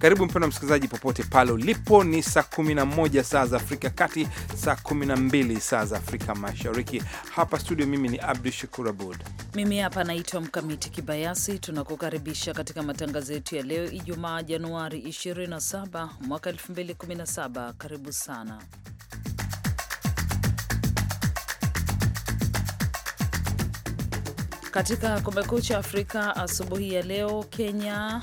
Karibu mpendwa msikilizaji, popote pale ulipo. Ni saa 11 saa za Afrika kati, saa 12 saa za Afrika Mashariki. Hapa studio, mimi ni Abdu Shakur Abud, mimi hapa naitwa Mkamiti Kibayasi. Tunakukaribisha katika matangazo yetu ya leo Ijumaa, Januari 27 mwaka 2017. Karibu sana. Katika Kumekucha Afrika asubuhi ya leo, Kenya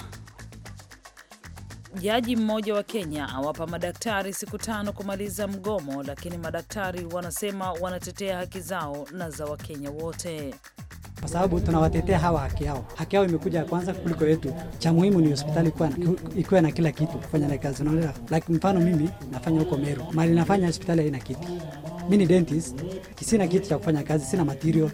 Jaji mmoja wa Kenya awapa madaktari siku tano kumaliza mgomo, lakini madaktari wanasema wanatetea haki zao na za Wakenya wote kwa sababu tunawatetea hawa haki yao. Haki yao imekuja kwanza kuliko yetu. Cha muhimu ni hospitali ikiwa na kila kitu kufanya na kazi. Unaona, like mfano mimi nafanya huko Meru, mali nafanya hospitali haina kiti. mi ni dentist, sina kiti cha kufanya kazi, sina material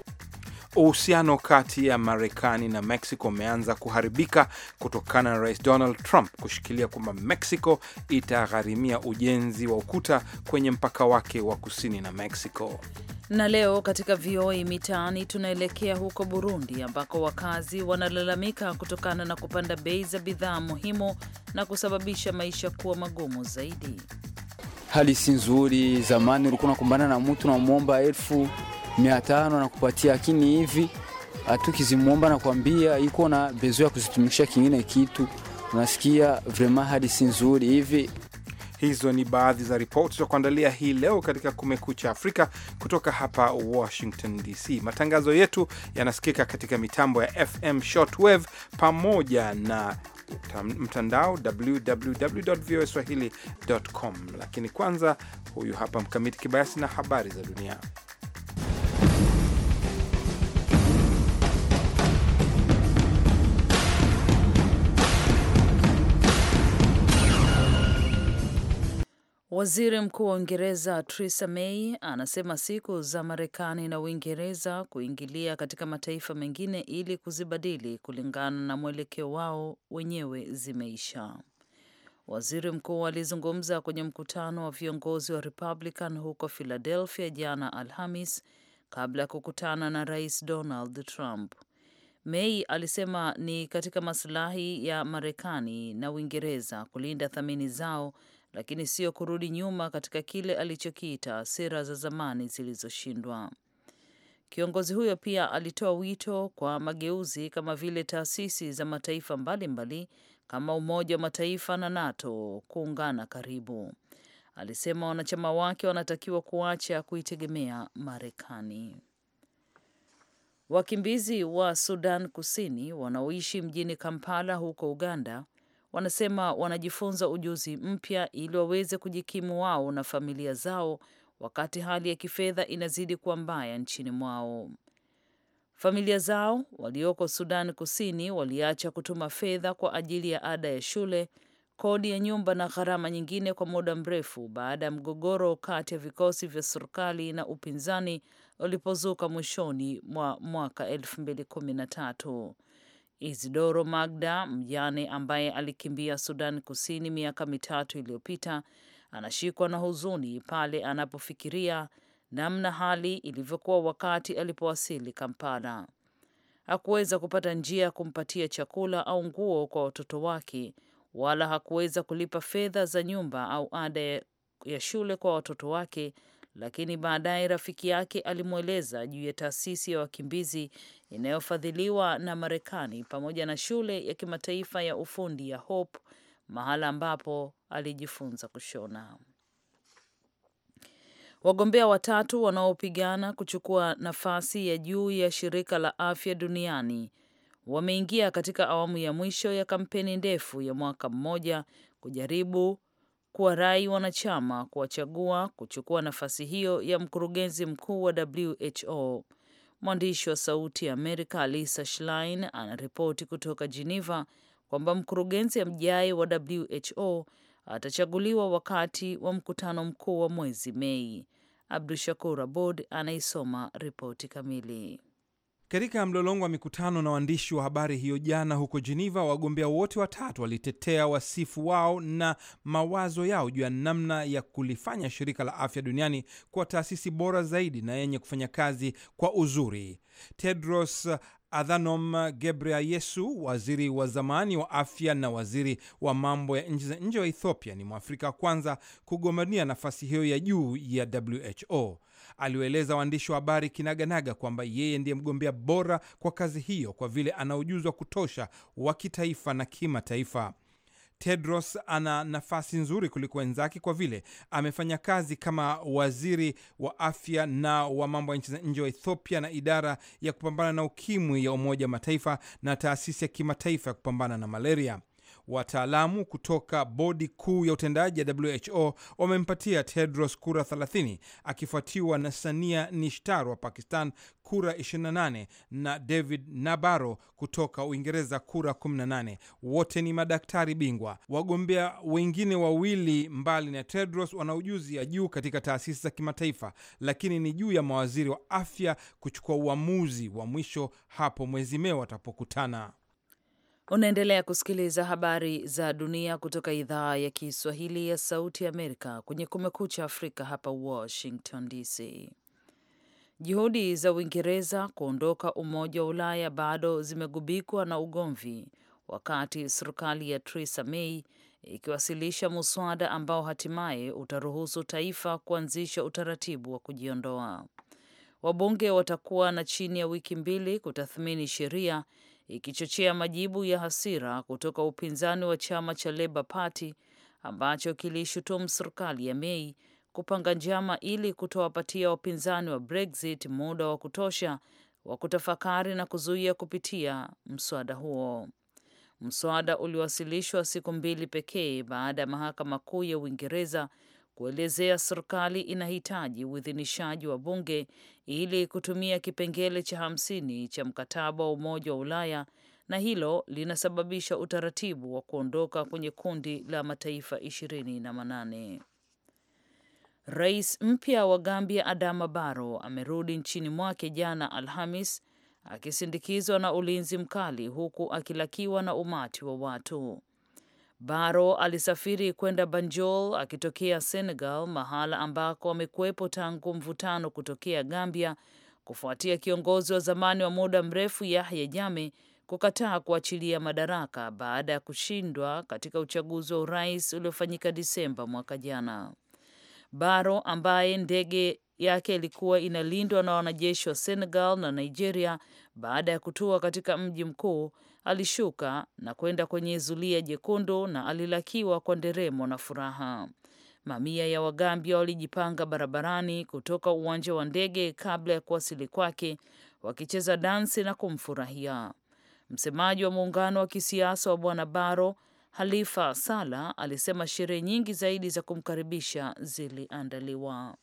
Uhusiano kati ya Marekani na Mexico umeanza kuharibika kutokana na Rais Donald Trump kushikilia kwamba Mexico itagharimia ujenzi wa ukuta kwenye mpaka wake wa kusini na Mexico. Na leo katika VOA Mitaani tunaelekea huko Burundi ambako wakazi wanalalamika kutokana na kupanda bei za bidhaa muhimu na kusababisha maisha kuwa magumu zaidi. Hali si nzuri. Zamani ulikuwa unakumbana na mtu namwomba elfu mia tano na kupatia, lakini hivi hatukizimuomba na kwambia iko na bezo ya kuzitumikisha kingine kitu, unasikia vrema hadi si nzuri hivi. Hizo ni baadhi za ripoti za kuandalia hii leo katika Kumekucha Afrika kutoka hapa Washington DC. Matangazo yetu yanasikika katika mitambo ya FM shortwave pamoja na mtandao www.voaswahili.com. Lakini kwanza, huyu hapa Mkamiti Kibayasi na habari za dunia. Waziri Mkuu wa Uingereza Theresa May anasema siku za Marekani na Uingereza kuingilia katika mataifa mengine ili kuzibadili kulingana na mwelekeo wao wenyewe zimeisha. Waziri mkuu alizungumza kwenye mkutano wa viongozi wa Republican huko Philadelphia jana Alhamis kabla ya kukutana na Rais Donald Trump. May alisema ni katika masilahi ya Marekani na Uingereza kulinda thamani zao lakini sio kurudi nyuma katika kile alichokiita sera za zamani zilizoshindwa. Kiongozi huyo pia alitoa wito kwa mageuzi kama vile taasisi za mataifa mbalimbali mbali, kama Umoja wa Mataifa na NATO kuungana karibu. Alisema wanachama wake wanatakiwa kuacha kuitegemea Marekani. Wakimbizi wa Sudan Kusini wanaoishi mjini Kampala huko Uganda wanasema wanajifunza ujuzi mpya ili waweze kujikimu wao na familia zao wakati hali ya kifedha inazidi kuwa mbaya nchini mwao. Familia zao walioko Sudan Kusini waliacha kutuma fedha kwa ajili ya ada ya shule, kodi ya nyumba na gharama nyingine kwa muda mrefu baada ya mgogoro kati ya vikosi vya serikali na upinzani ulipozuka mwishoni mwa mwaka 2013. Isidoro Magda, mjane ambaye alikimbia Sudan Kusini miaka mitatu iliyopita, anashikwa na huzuni pale anapofikiria namna hali ilivyokuwa wakati alipowasili Kampala. Hakuweza kupata njia ya kumpatia chakula au nguo kwa watoto wake, wala hakuweza kulipa fedha za nyumba au ada ya shule kwa watoto wake lakini baadaye rafiki yake alimweleza juu ya taasisi ya wakimbizi inayofadhiliwa na Marekani pamoja na shule ya kimataifa ya ufundi ya Hope, mahala ambapo alijifunza kushona. Wagombea watatu wanaopigana kuchukua nafasi ya juu ya shirika la afya duniani wameingia katika awamu ya mwisho ya kampeni ndefu ya mwaka mmoja kujaribu kuwarai wanachama kuwachagua kuchukua nafasi hiyo ya mkurugenzi mkuu wa WHO. Mwandishi wa Sauti ya Amerika Alisa Schlein anaripoti kutoka Geneva kwamba mkurugenzi ajaye wa WHO atachaguliwa wakati wa mkutano mkuu wa mwezi Mei. Abdu Shakur Abod anaisoma ripoti kamili. Katika mlolongo wa mikutano na waandishi wa habari hiyo jana huko Geneva, wagombea wote watatu walitetea wasifu wao na mawazo yao juu ya namna ya kulifanya shirika la afya duniani kuwa taasisi bora zaidi na yenye kufanya kazi kwa uzuri. Tedros Adhanom Ghebreyesus, waziri wa zamani wa afya na waziri wa mambo ya nchi za nje wa Ethiopia, ni Mwafrika wa kwanza kugombania nafasi hiyo ya juu ya WHO. Aliwaeleza waandishi wa habari kinaganaga kwamba yeye ndiye mgombea bora kwa kazi hiyo kwa vile ana ujuzi wa kutosha wa kitaifa na kimataifa. Tedros ana nafasi nzuri kuliko wenzake kwa vile amefanya kazi kama waziri wa afya na wa mambo ya nchi za nje wa Ethiopia na idara ya kupambana na ukimwi ya Umoja wa Mataifa na taasisi ya kimataifa ya kupambana na malaria. Wataalamu kutoka bodi kuu ya utendaji ya WHO wamempatia Tedros kura 30 akifuatiwa na Sania Nishtar wa Pakistan kura 28 na David Nabaro kutoka Uingereza kura 18. Wote ni madaktari bingwa. Wagombea wengine wawili mbali na Tedros wana ujuzi ya juu katika taasisi za kimataifa, lakini ni juu ya mawaziri wa afya kuchukua uamuzi wa mwisho hapo mwezi Mei watapokutana. Unaendelea kusikiliza habari za dunia kutoka idhaa ya Kiswahili ya Sauti Amerika kwenye Kumekucha Afrika hapa Washington DC. Juhudi za Uingereza kuondoka Umoja wa Ulaya bado zimegubikwa na ugomvi, wakati serikali ya Theresa May ikiwasilisha muswada ambao hatimaye utaruhusu taifa kuanzisha utaratibu wa kujiondoa. Wabunge watakuwa na chini ya wiki mbili kutathmini sheria ikichochea majibu ya hasira kutoka upinzani wa chama cha Labour Party ambacho kiliishutumu serikali ya Mei kupanga njama ili kutowapatia wapinzani wa Brexit muda wa kutosha wa kutafakari na kuzuia kupitia mswada huo. Mswada uliwasilishwa siku mbili pekee baada ya mahakama kuu ya Uingereza kuelezea serikali inahitaji uidhinishaji wa bunge ili kutumia kipengele cha hamsini cha mkataba wa Umoja wa Ulaya na hilo linasababisha utaratibu wa kuondoka kwenye kundi la mataifa ishirini na manane. Rais mpya wa Gambia Adama baro amerudi nchini mwake jana Alhamis akisindikizwa na ulinzi mkali huku akilakiwa na umati wa watu. Baro alisafiri kwenda Banjul akitokea Senegal, mahala ambako amekuwepo tangu mvutano kutokea Gambia, kufuatia kiongozi wa zamani wa muda mrefu Yahya jame kukataa kuachilia madaraka baada ya kushindwa katika uchaguzi wa urais uliofanyika Disemba mwaka jana. baro ambaye ndege yake ilikuwa inalindwa na wanajeshi wa Senegal na Nigeria baada ya kutua katika mji mkuu Alishuka na kwenda kwenye zulia jekundu na alilakiwa kwa nderemo na furaha. Mamia ya Wagambia walijipanga barabarani kutoka uwanja wa ndege kabla ya kuwasili kwake, wakicheza dansi na kumfurahia. Msemaji wa muungano wa kisiasa wa Bwana Baro, Halifa Sala, alisema sherehe nyingi zaidi za kumkaribisha ziliandaliwa.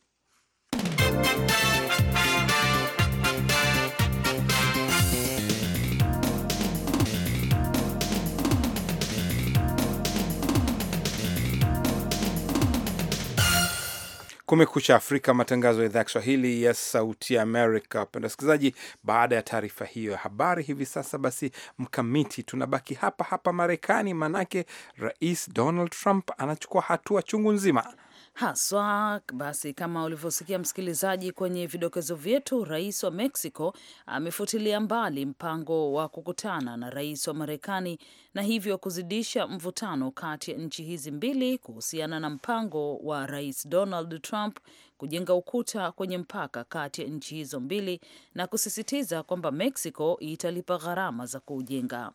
Kumekucha Afrika, matangazo ya idhaa ya Kiswahili ya Sauti ya Amerika. Penda wasikilizaji, baada ya taarifa hiyo ya habari hivi sasa, basi Mkamiti, tunabaki hapa hapa Marekani, maanake Rais Donald Trump anachukua hatua chungu nzima haswa. Basi, kama ulivyosikia msikilizaji, kwenye vidokezo vyetu, rais wa Mexico amefutilia mbali mpango wa kukutana na rais wa Marekani na hivyo kuzidisha mvutano kati ya nchi hizi mbili kuhusiana na mpango wa rais Donald Trump kujenga ukuta kwenye mpaka kati ya nchi hizo mbili na kusisitiza kwamba Mexico italipa gharama za kuujenga.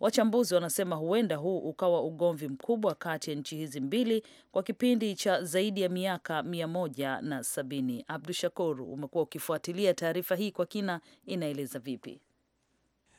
Wachambuzi wanasema huenda huu ukawa ugomvi mkubwa kati ya nchi hizi mbili kwa kipindi cha zaidi ya miaka mia moja na sabini. Abdu Shakur, umekuwa ukifuatilia taarifa hii kwa kina, inaeleza vipi?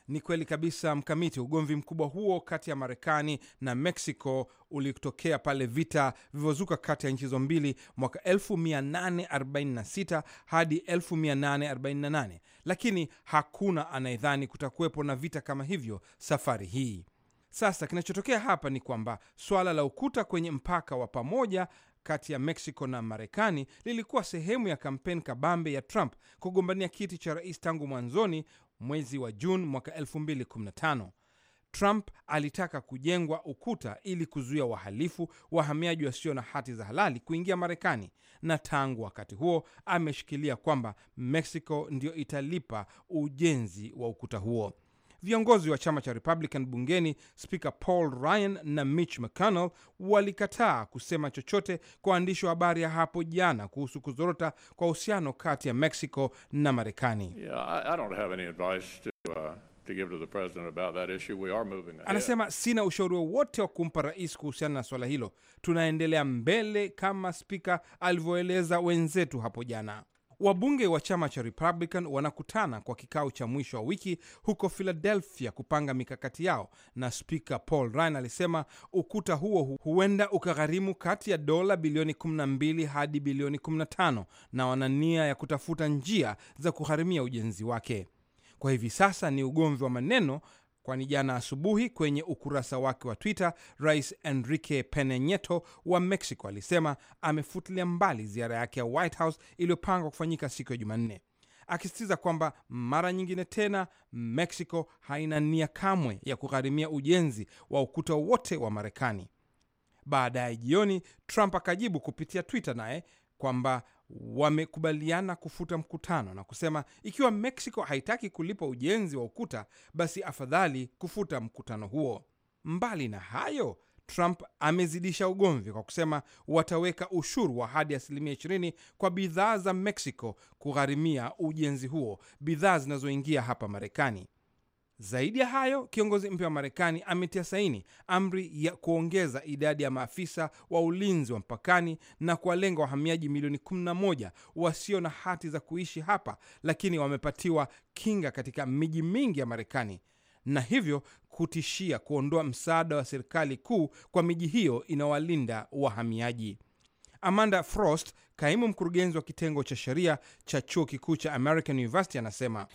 Ni kweli kabisa Mkamiti, ugomvi mkubwa huo kati ya Marekani na Mexico ulitokea pale vita vilivyozuka kati ya nchi hizo mbili mwaka 1846 hadi 1848, lakini hakuna anayedhani kutakuwepo na vita kama hivyo safari hii. Sasa kinachotokea hapa ni kwamba swala la ukuta kwenye mpaka wa pamoja kati ya Mexico na Marekani lilikuwa sehemu ya kampeni kabambe ya Trump kugombania kiti cha rais tangu mwanzoni mwezi wa Juni mwaka 2015. Trump alitaka kujengwa ukuta ili kuzuia wahalifu wahamiaji wasio na hati za halali kuingia Marekani, na tangu wakati huo ameshikilia kwamba Mexico ndio italipa ujenzi wa ukuta huo. Viongozi wa chama cha Republican bungeni, spika Paul Ryan na Mitch McConnell walikataa kusema chochote kwa waandishi wa habari ya hapo jana kuhusu kuzorota kwa uhusiano kati ya Mexico na Marekani. Yeah, uh, Anasema sina ushauri wowote wa kumpa rais kuhusiana na swala hilo. Tunaendelea mbele kama spika alivyoeleza wenzetu hapo jana. Wabunge wa chama cha Republican wanakutana kwa kikao cha mwisho wa wiki huko Philadelphia kupanga mikakati yao, na spika Paul Ryan alisema ukuta huo huenda ukagharimu kati ya dola bilioni 12 hadi bilioni 15 na wana nia ya kutafuta njia za kugharimia ujenzi wake. Kwa hivi sasa ni ugomvi wa maneno Kwani jana asubuhi kwenye ukurasa wake wa Twitter, Rais Enrique Pena Nieto wa Mexico alisema amefutilia mbali ziara yake ya White House iliyopangwa kufanyika siku ya Jumanne, akisisitiza kwamba mara nyingine tena Mexico haina nia kamwe ya kugharimia ujenzi wa ukuta wote wa Marekani. Baadaye jioni Trump akajibu kupitia Twitter naye kwamba wamekubaliana kufuta mkutano na kusema ikiwa Mexico haitaki kulipa ujenzi wa ukuta, basi afadhali kufuta mkutano huo. Mbali na hayo, Trump amezidisha ugomvi kwa kusema wataweka ushuru wa hadi asilimia 20 kwa bidhaa za Mexico kugharimia ujenzi huo, bidhaa zinazoingia hapa Marekani. Zaidi ya hayo, kiongozi mpya wa Marekani ametia saini amri ya kuongeza idadi ya maafisa wa ulinzi wa mpakani na kuwalenga wahamiaji milioni 11 wasio na hati za kuishi hapa, lakini wamepatiwa kinga katika miji mingi ya Marekani na hivyo kutishia kuondoa msaada wa serikali kuu kwa miji hiyo inawalinda wahamiaji. Amanda Frost, kaimu mkurugenzi wa kitengo cha sheria cha chuo kikuu cha American University, anasema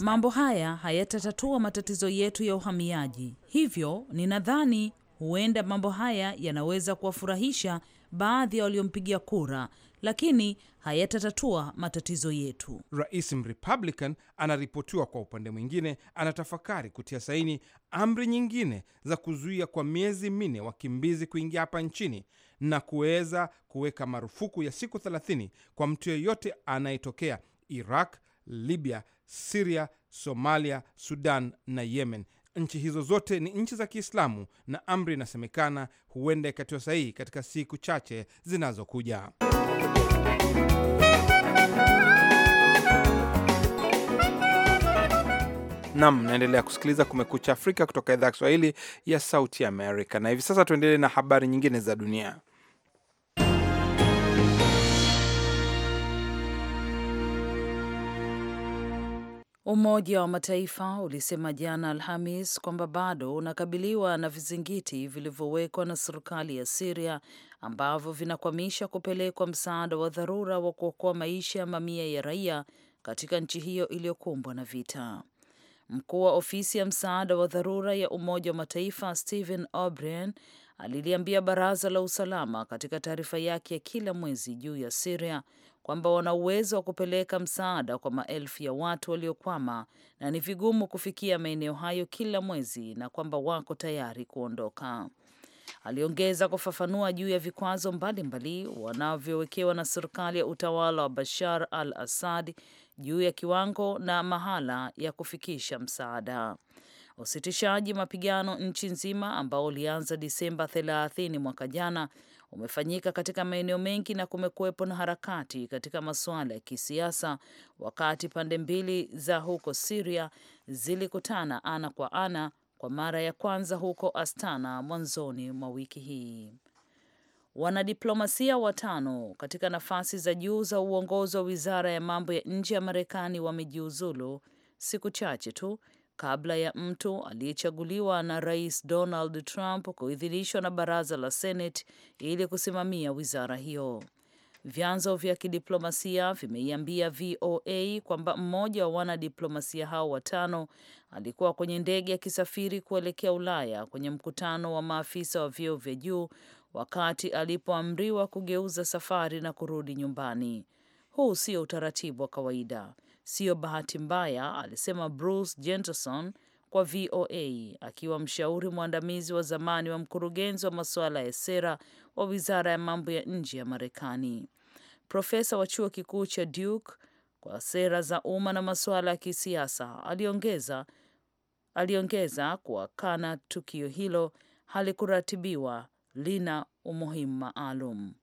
mambo haya hayatatatua matatizo yetu ya uhamiaji, hivyo ninadhani huenda mambo haya yanaweza kuwafurahisha baadhi ya waliompigia kura, lakini hayatatatua matatizo yetu. Rais Mrepublican anaripotiwa kwa upande mwingine anatafakari kutia saini amri nyingine za kuzuia kwa miezi minne wakimbizi kuingia hapa nchini na kuweza kuweka marufuku ya siku 30 kwa mtu yeyote anayetokea Iraq, Libya, Siria, Somalia, Sudan na Yemen Nchi hizo zote ni nchi za Kiislamu na amri inasemekana huenda ikatiwa sahihi katika siku chache zinazokuja. Nam, naendelea kusikiliza Kumekucha Afrika kutoka idhaa ya Kiswahili ya Sauti Amerika, na hivi sasa tuendelee na habari nyingine za dunia. Umoja wa Mataifa ulisema jana Alhamis kwamba bado unakabiliwa na vizingiti vilivyowekwa na serikali ya Siria ambavyo vinakwamisha kupelekwa msaada wa dharura wa kuokoa maisha ya mamia ya raia katika nchi hiyo iliyokumbwa na vita. Mkuu wa ofisi ya msaada wa dharura ya Umoja wa Mataifa Stephen O'Brien aliliambia baraza la usalama katika taarifa yake ya kila mwezi juu ya Siria kwamba wana uwezo wa kupeleka msaada kwa maelfu ya watu waliokwama na ni vigumu kufikia maeneo hayo kila mwezi na kwamba wako tayari kuondoka. Aliongeza kufafanua juu ya vikwazo mbalimbali wanavyowekewa na serikali ya utawala wa Bashar al Assad juu ya kiwango na mahala ya kufikisha msaada. Usitishaji mapigano nchi nzima ambao ulianza Disemba 30 mwaka jana umefanyika katika maeneo mengi na kumekuwepo na harakati katika masuala ya kisiasa, wakati pande mbili za huko Siria zilikutana ana kwa ana kwa mara ya kwanza huko Astana mwanzoni mwa wiki hii. Wanadiplomasia watano katika nafasi za juu za uongozi wa wizara ya mambo ya nje ya Marekani wamejiuzulu siku chache tu kabla ya mtu aliyechaguliwa na Rais Donald Trump kuidhinishwa na baraza la Senate ili kusimamia wizara hiyo. Vyanzo vya kidiplomasia vimeiambia VOA kwamba mmoja wa wanadiplomasia hao watano alikuwa kwenye ndege akisafiri kuelekea Ulaya kwenye mkutano wa maafisa wa vyeo vya juu wakati alipoamriwa kugeuza safari na kurudi nyumbani. Huu sio utaratibu wa kawaida sio bahati mbaya, alisema Bruce Jenterson kwa VOA akiwa mshauri mwandamizi wa zamani wa mkurugenzi wa masuala ya sera wa wizara ya mambo ya nje ya Marekani, profesa wa chuo kikuu cha Duke kwa sera za umma na masuala ya kisiasa. Aliongeza, aliongeza kuwa kana tukio hilo halikuratibiwa lina umuhimu maalum.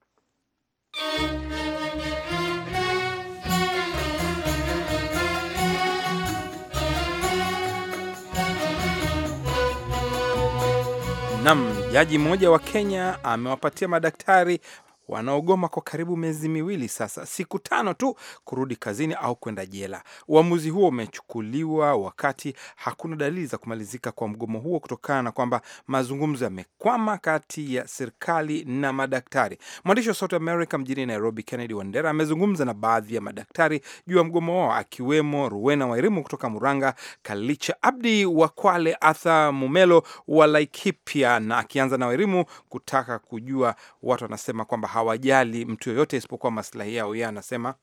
Nam, jaji mmoja wa Kenya amewapatia madaktari wanaogoma kwa karibu miezi miwili sasa, siku tano tu kurudi kazini au kwenda jela. Uamuzi huo umechukuliwa wakati hakuna dalili za kumalizika kwa mgomo huo kutokana na kwamba mazungumzo yamekwama kati ya serikali na madaktari. Mwandishi wa Sauti America mjini Nairobi, Kennedy Wandera amezungumza na baadhi ya madaktari juu ya mgomo wao, akiwemo ruena Wairimu kutoka Muranga, Kalicha Abdi wa Kwale, Atha Mumelo wa Laikipia, na akianza na Wairimu kutaka kujua watu wanasema kwamba hawajali mtu yoyote isipokuwa maslahi yao. Yeye anasema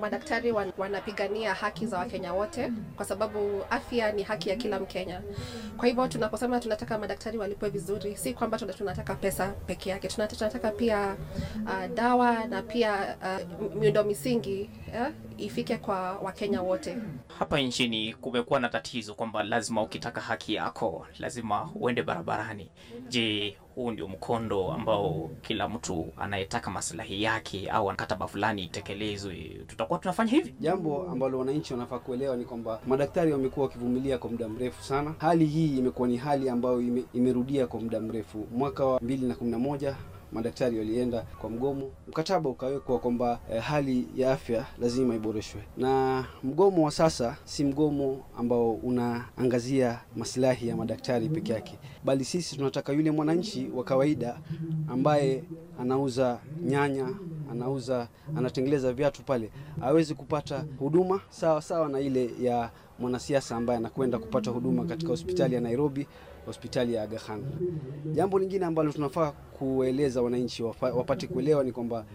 madaktari wanapigania haki za Wakenya wote kwa sababu afya ni haki ya kila Mkenya. Kwa hivyo tunaposema tunataka madaktari walipwe vizuri, si kwamba tunataka pesa peke yake, tunataka pia uh, dawa na pia uh, miundo misingi yeah, ifike kwa Wakenya wote. Hapa nchini kumekuwa na tatizo kwamba lazima ukitaka haki yako lazima uende barabarani. Je, huu ndio mkondo ambao kila mtu anayetaka maslahi yake au mkataba fulani itekelezwe, tutakuwa tunafanya hivi. Jambo ambalo wananchi wanafaa kuelewa ni kwamba madaktari wamekuwa wakivumilia kwa muda mrefu sana. Hali hii imekuwa ni hali ambayo ime, imerudia kwa muda mrefu. Mwaka wa 2011 madaktari walienda kwa mgomo, mkataba ukawekwa kwamba eh, hali ya afya lazima iboreshwe, na mgomo wa sasa si mgomo ambao unaangazia masilahi ya madaktari peke yake, bali sisi tunataka yule mwananchi wa kawaida ambaye anauza nyanya anauza anatengeleza viatu pale aweze kupata huduma sawa sawa na ile ya mwanasiasa ambaye anakwenda kupata huduma katika hospitali ya Nairobi hospitali ya Aga Khan. Jambo lingine ambalo tunafaa kueleza wananchi wapate kuelewa ni kwamba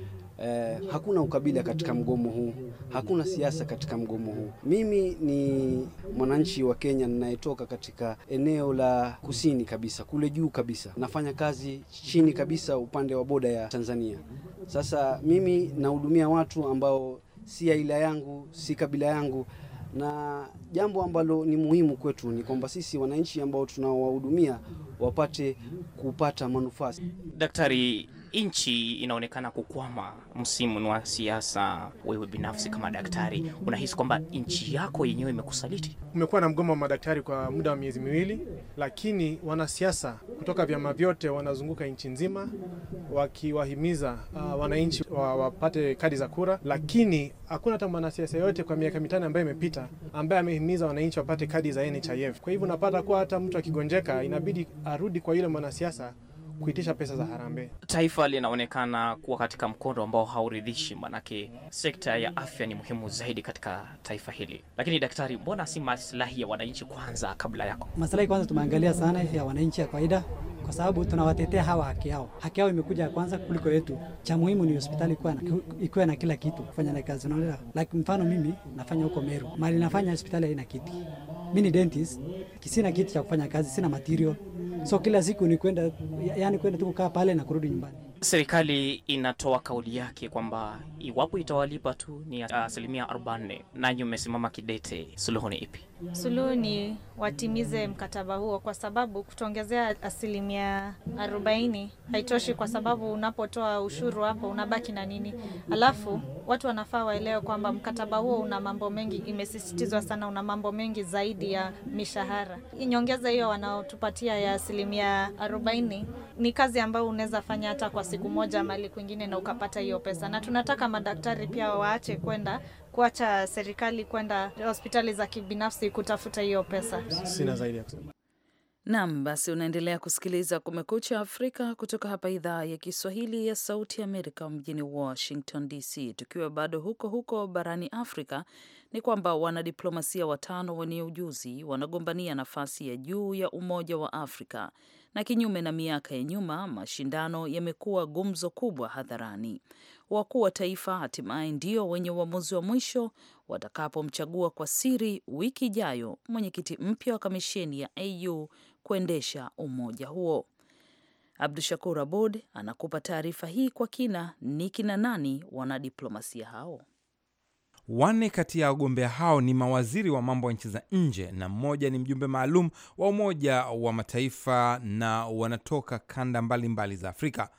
eh, hakuna ukabila katika mgomo huu, hakuna siasa katika mgomo huu. Mimi ni mwananchi wa Kenya ninayetoka katika eneo la kusini kabisa, kule juu kabisa, nafanya kazi chini kabisa, upande wa boda ya Tanzania. Sasa mimi nahudumia watu ambao si aila yangu, si kabila yangu, na jambo ambalo ni muhimu kwetu ni kwamba sisi wananchi ambao tunawahudumia wapate kupata manufaa. Daktari, nchi inaonekana kukwama msimu wa siasa. Wewe binafsi kama daktari, unahisi kwamba nchi yako yenyewe imekusaliti? Kumekuwa na mgomo wa madaktari kwa muda wa miezi miwili, lakini wanasiasa kutoka vyama vyote wanazunguka nchi nzima wakiwahimiza uh, wananchi wa, wapate kadi za kura, lakini hakuna hata mwanasiasa yote kwa miaka mitano ambayo imepita ambaye amehimiza wananchi wapate kadi za NHIF. Kwa hivyo unapata kuwa hata mtu akigonjeka inabidi uh, arudi kwa yule mwanasiasa kuitisha pesa za harambee. Taifa linaonekana kuwa katika mkondo ambao hauridhishi, manake sekta ya afya ni muhimu zaidi katika taifa hili. Lakini daktari, mbona si maslahi ya wananchi kwanza kabla yako? Maslahi kwanza tumeangalia sana ya wananchi ya kawaida, kwa sababu tunawatetea hawa haki yao. Haki yao imekuja ya kwanza kuliko yetu. Cha muhimu ni hospitali ikiwa na kila kitu kufanya na kazi, unaona like mfano mimi nafanya huko Meru, mali nafanya hospitali haina kiti. Mimi ni dentist, kisina kiti cha kufanya kazi, sina material so kila siku ni kwenda, yani kwenda tu kukaa pale na kurudi nyumbani. Serikali inatoa kauli yake kwamba iwapo itawalipa tu ni asilimia uh, 40. Nanyi umesimama kidete, suluhu ni ipi? Suluhu ni watimize mkataba huo, kwa sababu kutuongezea asilimia 40 haitoshi, kwa sababu unapotoa ushuru hapo unabaki na nini? Alafu watu wanafaa waelewe kwamba mkataba huo una mambo mengi, imesisitizwa sana, una mambo mengi zaidi ya mishahara. Nyongeza hiyo wanaotupatia ya asilimia 40 ni kazi ambayo unaweza fanya hata kwa siku moja mali kwingine na ukapata hiyo pesa. Na tunataka madaktari pia waache kwenda kuacha serikali kwenda hospitali za kibinafsi kutafuta hiyo pesa. Sina zaidi ya kusema. Naam, basi unaendelea kusikiliza Kumekucha Afrika kutoka hapa idhaa ya Kiswahili ya Sauti ya Amerika mjini Washington DC. Tukiwa bado huko huko barani Afrika, ni kwamba wanadiplomasia watano wenye ujuzi wanagombania nafasi ya juu ya Umoja wa Afrika na kinyume na miaka ya nyuma, mashindano yamekuwa gumzo kubwa hadharani. Wakuu wa taifa hatimaye ndio wenye uamuzi wa mwisho watakapomchagua kwa siri wiki ijayo mwenyekiti mpya wa kamisheni ya AU kuendesha umoja huo. Abdu Shakur Abud anakupa taarifa hii kwa kina, ni kina nani wanadiplomasia hao? Wanne kati ya wagombea hao ni mawaziri wa mambo ya nchi za nje na mmoja ni mjumbe maalum wa Umoja wa Mataifa na wanatoka kanda mbalimbali mbali za Afrika.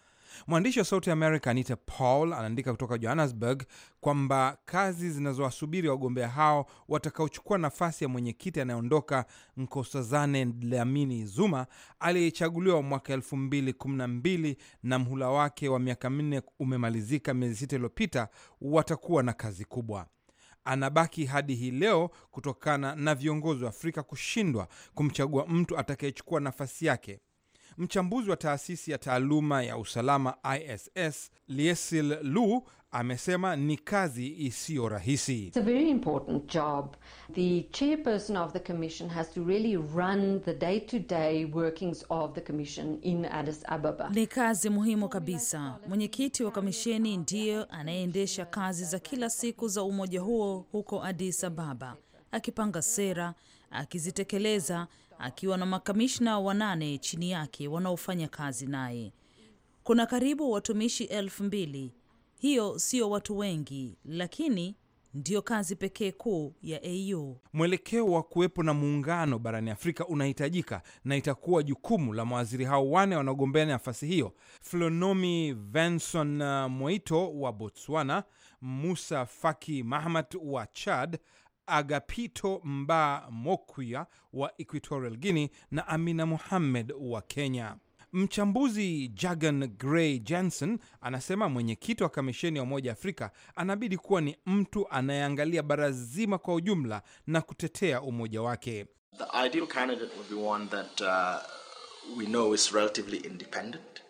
Mwandishi wa Sauti America Anita Paul anaandika kutoka Johannesburg kwamba kazi zinazowasubiri wagombea hao watakaochukua nafasi ya mwenyekiti anayeondoka Nkosazane Dlamini Zuma aliyechaguliwa mwaka elfu mbili kumi na mbili na mhula wake wa miaka minne umemalizika miezi sita iliyopita, watakuwa na kazi kubwa. Anabaki hadi hii leo kutokana na viongozi wa Afrika kushindwa kumchagua mtu atakayechukua nafasi yake. Mchambuzi wa taasisi ya taaluma ya usalama ISS Liesil Lu amesema ni kazi isiyo rahisi. Ni kazi muhimu kabisa. Mwenyekiti wa kamisheni ndiyo anayeendesha kazi za kila siku za umoja huo huko Addis Ababa, akipanga sera, akizitekeleza akiwa na makamishna wanane chini yake wanaofanya kazi naye. Kuna karibu watumishi elfu mbili. Hiyo sio watu wengi, lakini ndiyo kazi pekee kuu ya AU. Mwelekeo wa kuwepo na muungano barani Afrika unahitajika na itakuwa jukumu la mawaziri hao wane wanaogombea nafasi hiyo: Flonomi Venson uh, Moito wa Botswana, Musa Faki Mahamat wa Chad, Agapito Mba Mokuya wa Equatorial Guinea na Amina Mohamed wa Kenya. Mchambuzi Jagan Gray Jansen anasema mwenyekiti wa kamisheni ya Umoja Afrika anabidi kuwa ni mtu anayeangalia bara zima kwa ujumla na kutetea umoja wake. The ideal candidate would be one that uh, we know is relatively independent,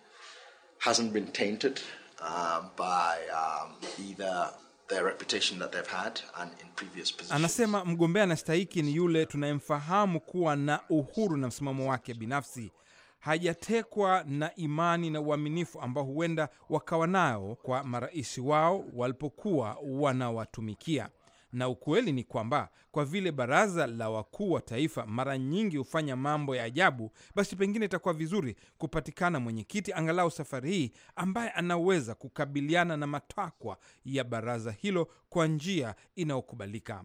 hasn't been tainted uh, by um, either their reputation that they've had and in previous positions. Anasema mgombea anastahiki ni yule tunayemfahamu kuwa na uhuru na msimamo wake binafsi, hajatekwa na imani na uaminifu ambao huenda wakawa nao kwa marais wao walipokuwa wanawatumikia. Na ukweli ni kwamba kwa vile baraza la wakuu wa taifa mara nyingi hufanya mambo ya ajabu, basi pengine itakuwa vizuri kupatikana mwenyekiti angalau safari hii ambaye anaweza kukabiliana na matakwa ya baraza hilo kwa njia inayokubalika.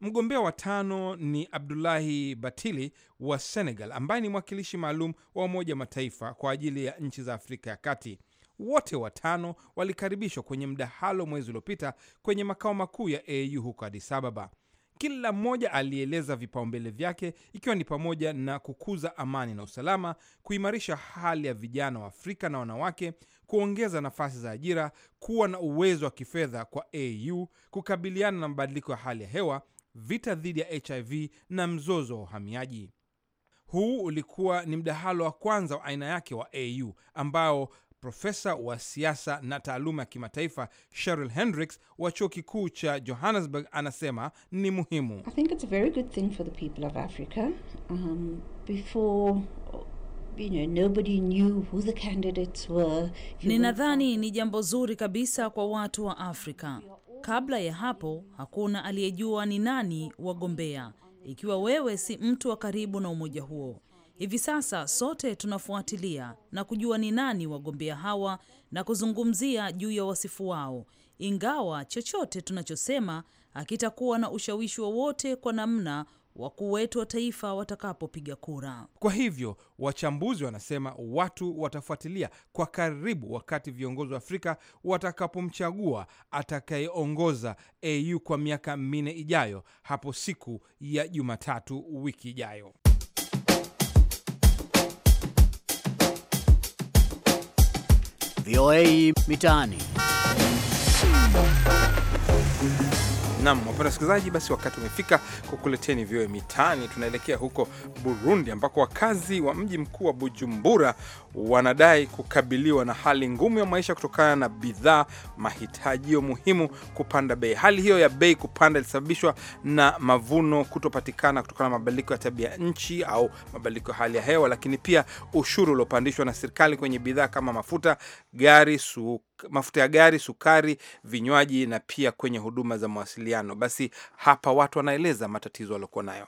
Mgombea wa tano ni Abdulahi Batili wa Senegal, ambaye ni mwakilishi maalum wa Umoja wa Mataifa kwa ajili ya nchi za Afrika ya Kati wote watano walikaribishwa kwenye mdahalo mwezi uliopita kwenye makao makuu ya AU huko Addis Ababa. Kila mmoja alieleza vipaumbele vyake ikiwa ni pamoja na kukuza amani na usalama, kuimarisha hali ya vijana wa Afrika na wanawake, kuongeza nafasi za ajira, kuwa na uwezo wa kifedha kwa AU, kukabiliana na mabadiliko ya hali ya hewa, vita dhidi ya HIV na mzozo wa uhamiaji. Huu ulikuwa ni mdahalo wa kwanza wa aina yake wa AU ambao profesa wa siasa na taaluma ya kimataifa Cheryl Hendricks wa chuo kikuu cha Johannesburg anasema ni muhimu. I think it's a very good thing for the people of Africa. Um, before You know, nobody knew who the candidates were. Ninadhani ni jambo zuri kabisa kwa watu wa Afrika. Kabla ya hapo hakuna aliyejua ni nani wagombea, ikiwa wewe si mtu wa karibu na umoja huo Hivi sasa sote tunafuatilia na kujua ni nani wagombea hawa na kuzungumzia juu ya wasifu wao, ingawa chochote tunachosema hakitakuwa na ushawishi wowote kwa namna wakuu wetu wa taifa watakapopiga kura. Kwa hivyo wachambuzi wanasema watu watafuatilia kwa karibu wakati viongozi wa Afrika watakapomchagua atakayeongoza AU kwa miaka minne ijayo hapo siku ya Jumatatu wiki ijayo. VOA Mitaani. Nam wapenda wasikilizaji, basi wakati umefika kukuleteni vyoe mitaani. Tunaelekea huko Burundi ambako wakazi wa mji mkuu wa Bujumbura wanadai kukabiliwa na hali ngumu ya maisha kutokana na bidhaa mahitajio muhimu kupanda bei. Hali hiyo ya bei kupanda ilisababishwa na mavuno kutopatikana kutokana na mabadiliko ya tabia nchi au mabadiliko ya hali ya hewa, lakini pia ushuru uliopandishwa na serikali kwenye bidhaa kama mafuta, gari, suku mafuta ya gari, sukari, vinywaji na pia kwenye huduma za mawasiliano. Basi hapa watu wanaeleza matatizo waliokuwa nayo.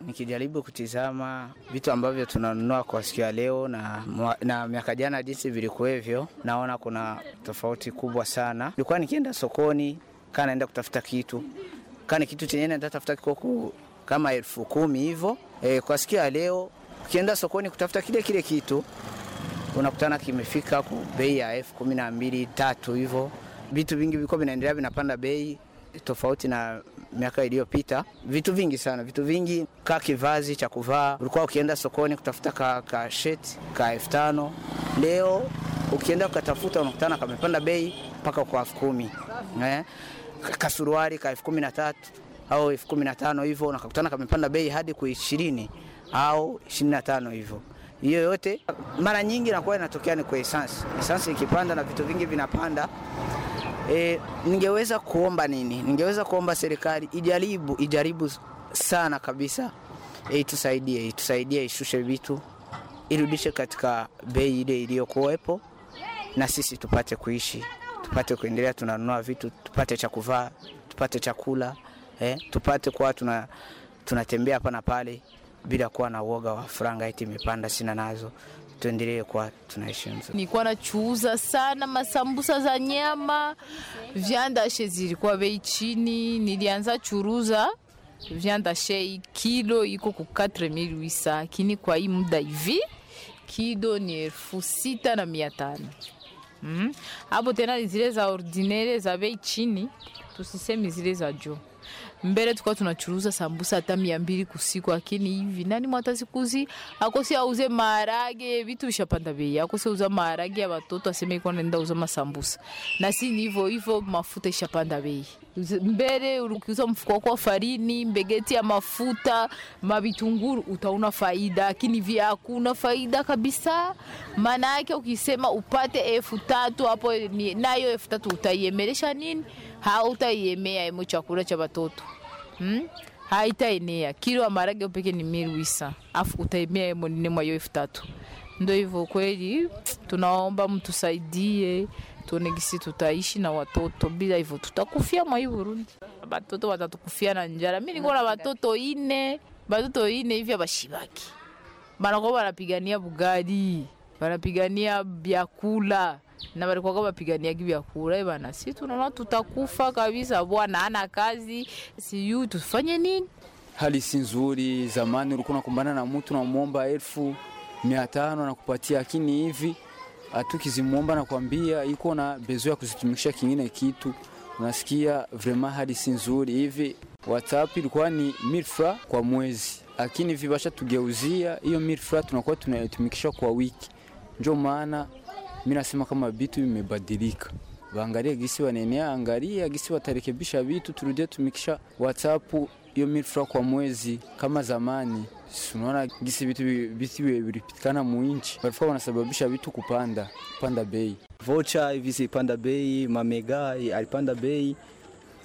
Nikijaribu kutizama vitu ambavyo tunanunua kwa siku ya leo na, na miaka jana jinsi vilikuwevyo, naona kuna tofauti kubwa sana. Nilikuwa nikienda sokoni, kaa naenda kutafuta kitu, kaa ni kitu chenye naenda tafuta kikoku kama elfu kumi hivyo e, eh, kwa siku ya leo ukienda sokoni kutafuta kile kile kitu unakutana kimefika ku bei ya elfu kumi na mbili tatu hivyo. Vitu vingi viko vinaendelea vinapanda bei tofauti na miaka iliyopita. Vitu vingi sana, vitu vingi ka kivazi cha kuvaa, ulikuwa ukienda sokoni kutafuta ka, ka shirt ka elfu tano leo ukienda ukatafuta unakutana kamepanda bei mpaka kwa elfu kumi eh, kasuruari ka elfu kumi na tatu au elfu kumi na tano hivyo, nakakutana kamepanda bei hadi kwa ishirini au ishirini na tano hivyo hiyo yote mara nyingi inakuwa inatokea ni kwa esansi. Esansi ikipanda na vitu vingi vinapanda. E, ningeweza kuomba nini? Ningeweza kuomba serikali ijaribu, ijaribu sana kabisa e, itusaidie, itusaidie ishushe vitu, irudishe katika bei ile iliyokuwepo, na sisi tupate kuishi, tupate kuendelea, tunanunua vitu, tupate cha kuvaa, tupate chakula eh, tupate kwa tuna tunatembea hapa na pale bila kuwa na uoga wa franga eti imepanda sina nazo. Tuendelee kuwa tunaishi mzuri. Nilikuwa nachuuza sana masambusa za nyama, vyandashe zilikuwa bei chini. Nilianza churuza viandashe kilo iko ku 4800 lakini kwa hii muda hivi kilo ni elfu sita na mia tano. Mm. Hapo tena zile za ordinaire za bei chini, tusisemi zile za juu. Mbele tukawa tunachuruza sambusa hata mia mbili kusiku, lakini hivi nani mwatazikuzi akosi auze maharage, vitu vishapanda bei. Akosi auza maharage ya watoto aseme iko naenda uza masambusa, na si ni hivyo hivyo, mafuta ishapanda bei. Mbele ukiuza mfuko wako wa farini, mbegeti ya mafuta, mavitunguru utaona faida, lakini vya hakuna faida kabisa. Maana yake ukisema upate elfu tatu hapo, nayo elfu tatu utaiemelesha nini? hautaiemea imo chakula cha watoto hmm? haitaenea kilo ya marage upeke ni mili wisa afu utaemea imo nne mwa elfu tatu ndo hivyo kweli tunaomba mtusaidie tuone gisi tutaishi na watoto bila hivyo tutakufia mwa hii Burundi watoto watatukufia na njara mimi niko na watoto ine watoto ine hivi abashibaki banakuwa banapigania bugali banapigania vyakula na walikuwa wapiganiaga vyakula bana, si tunaona tutakufa kabisa, bwana ana kazi, siyu tufanye nini? Hali si nzuri. Zamani ulikuwa unakumbana na mtu namwomba elfu mia tano nakupatia, lakini hivi atukizimwomba nakwambia iko na bezo ya kuzitumikisha kingine kitu, unasikia vrema, hali si nzuri. Hivi WhatsApp ilikuwa ni milfra kwa mwezi, lakini hivi basha tugeuzia hiyo milfra tunakuwa tunayotumikisha kwa wiki, ndio maana mimi nasema kama vitu vimebadilika, waangalie gisi wanenea, angalia gisi watarekebisha vitu, turudie tumikisha WhatsApp hiyo mifra kwa mwezi kama zamani. Unaona gisi vitu vilipitikana muinchi, walikuwa wanasababisha vitu kupanda kupanda bei, vocha hivi zipanda bei, mamega alipanda bei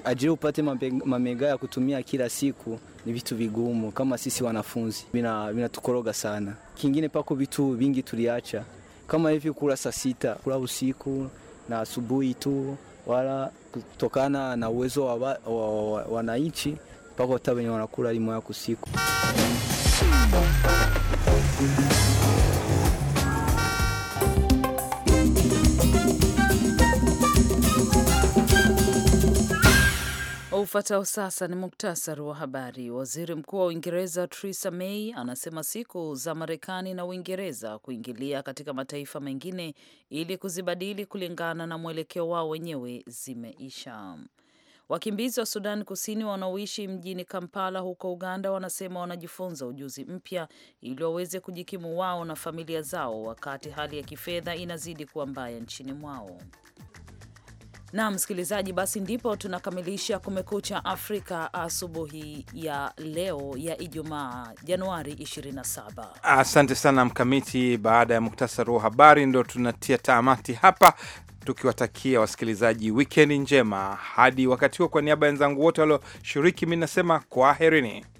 ajiri upate mamega ya kutumia kila siku ni vitu vigumu, kama sisi wanafunzi vinatukoroga sana. Kingine pako vitu vingi tuliacha kama hivi, kula saa sita, kula usiku na asubuhi tu, wala kutokana na uwezo wa wananchi mpaka hata wenye wanakula limoya kusiku ufuatao. Sasa ni muktasari wa habari. Waziri Mkuu wa Uingereza Theresa May anasema siku za Marekani na Uingereza kuingilia katika mataifa mengine ili kuzibadili kulingana na mwelekeo wao wenyewe zimeisha. Wakimbizi wa Sudan Kusini wanaoishi mjini Kampala huko Uganda wanasema wanajifunza ujuzi mpya ili waweze kujikimu wao na familia zao wakati hali ya kifedha inazidi kuwa mbaya nchini mwao. Na msikilizaji, basi ndipo tunakamilisha Kumekucha Afrika asubuhi ya leo ya Ijumaa, Januari 27. Asante sana Mkamiti. Baada ya muktasari wa habari, ndo tunatia tamati hapa tukiwatakia wasikilizaji wikendi njema. Hadi wakati huo, kwa niaba ya wenzangu wote walioshiriki, mi nasema kwaherini.